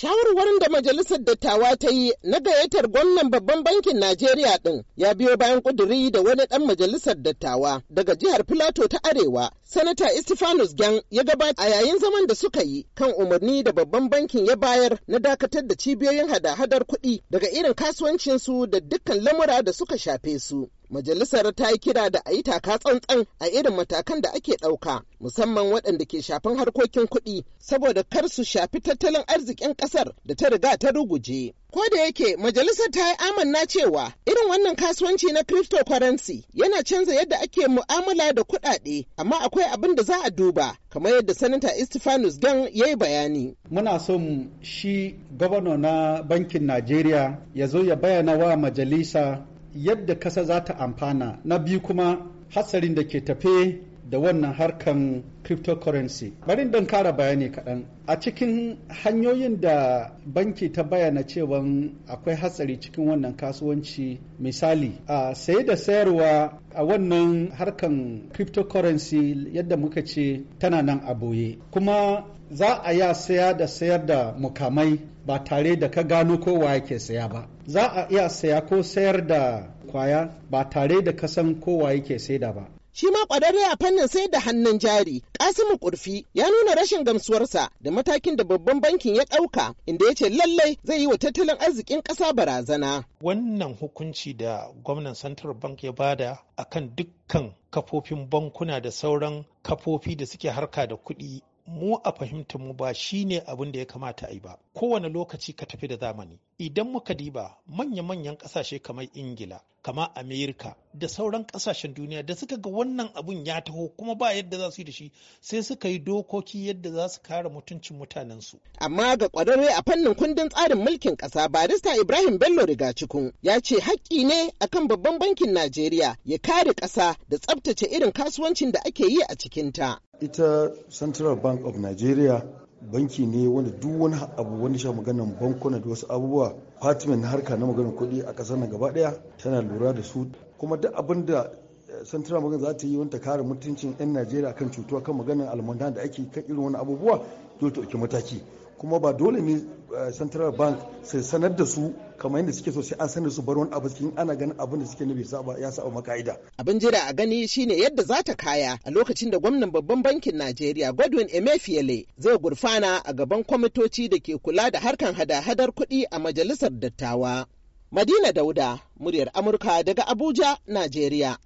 Shawarwarin da majalisar dattawa ta yi na gayyatar gwamnan babban bankin Najeriya din, ya biyo bayan kuduri da wani dan majalisar dattawa daga jihar Filato ta Arewa, Sanata Istifanus Gyan ya gabata a yayin zaman da suka yi kan umarni da babban bankin ya bayar na dakatar da cibiyoyin hada-hadar kuɗi daga irin kasuwancinsu da dukkan lamura da suka shafe su. Majalisar ta yi kira da a yi taka tsantsan a irin matakan da ake ɗauka, musamman waɗanda ke shafin harkokin kuɗi, saboda kar su shafi tattalin arzikin ƙasar da ta riga ta ruguje. Ko da yake majalisar ta yi amanna cewa irin wannan kasuwanci na cryptocurrency yana canza yadda ake mu'amala da kuɗaɗe, amma akwai abin da za a duba, kamar yadda Sanata Istifanus Gan ya yi bayani. Muna son shi gwamna na bankin Najeriya ya zo ya bayyana wa majalisa yadda kasa za ta amfana na biyu kuma hatsarin da ke tafe da wannan harkan cryptocurrency. Bari dan kara bayani kaɗan. A cikin hanyoyin da banki ta bayyana cewa akwai hatsari cikin wannan kasuwanci misali a saye da sayarwa a wannan harkan cryptocurrency yadda muka ce tana nan a boye. Kuma za a ya saya da sayar da mukamai ba tare da ka gano kowa yake saya ba. Za a iya saya ko sayar da kwaya ba tare da kasan kowa yake saida ba. shi ma kwararre a fannin sai da hannun jari kasimu kurfi ya nuna rashin gamsuwarsa da matakin da babban bankin ya ɗauka inda ya ce lallai zai yi wa tattalin arzikin ƙasa barazana wannan hukunci da gwamnan central bank ya bada akan dukkan kafofin bankuna da sauran kafofi da suke harka da kuɗi mu a fahimtar mu ba shi ne abin da ya kamata a yi ba kowane lokaci ka tafi da zamani idan muka diba manya-manyan kasashe kamar ingila kama amerika da sauran kasashen duniya da suka ga wannan abun ya taho kuma ba yadda za su yi da shi sai suka yi dokoki yadda za su kare mutuncin mutanensu amma ga kwararre a fannin kundin tsarin mulkin kasa barista ibrahim bello riga cikun ya ce haƙƙi ne akan babban bankin najeriya ya kare ƙasa da tsabtace irin kasuwancin da ake yi a cikinta ita central bank of nigeria banki ne wanda duk wani abu wani sha maganin bankuna da wasu abubuwa fatimin na harka na maganin kuɗi a ƙasar nan gaba ɗaya tana lura da su kuma duk abin da eh, central bank za ta yi wani kare mutuncin 'yan najeriya kan cutuwa kan maganin almanda da ake kan irin wani abubuwa dole ta ɗauki mataki kuma ba dole ne eh, central bank sai sanar da su kamar yadda suke so sai an sanar su bar wani abu cikin ana ganin abin da suke nufi ba ya saba maka'ida. Abin jira a gani shine yadda za ta kaya a lokacin da gwamnan babban bankin Najeriya Godwin Emefiele zai gurfana a gaban kwamitoci da ke kula da harkan hada-hadar kuɗi a majalisar dattawa. Madina Dauda, muryar Amurka daga Abuja, Najeriya.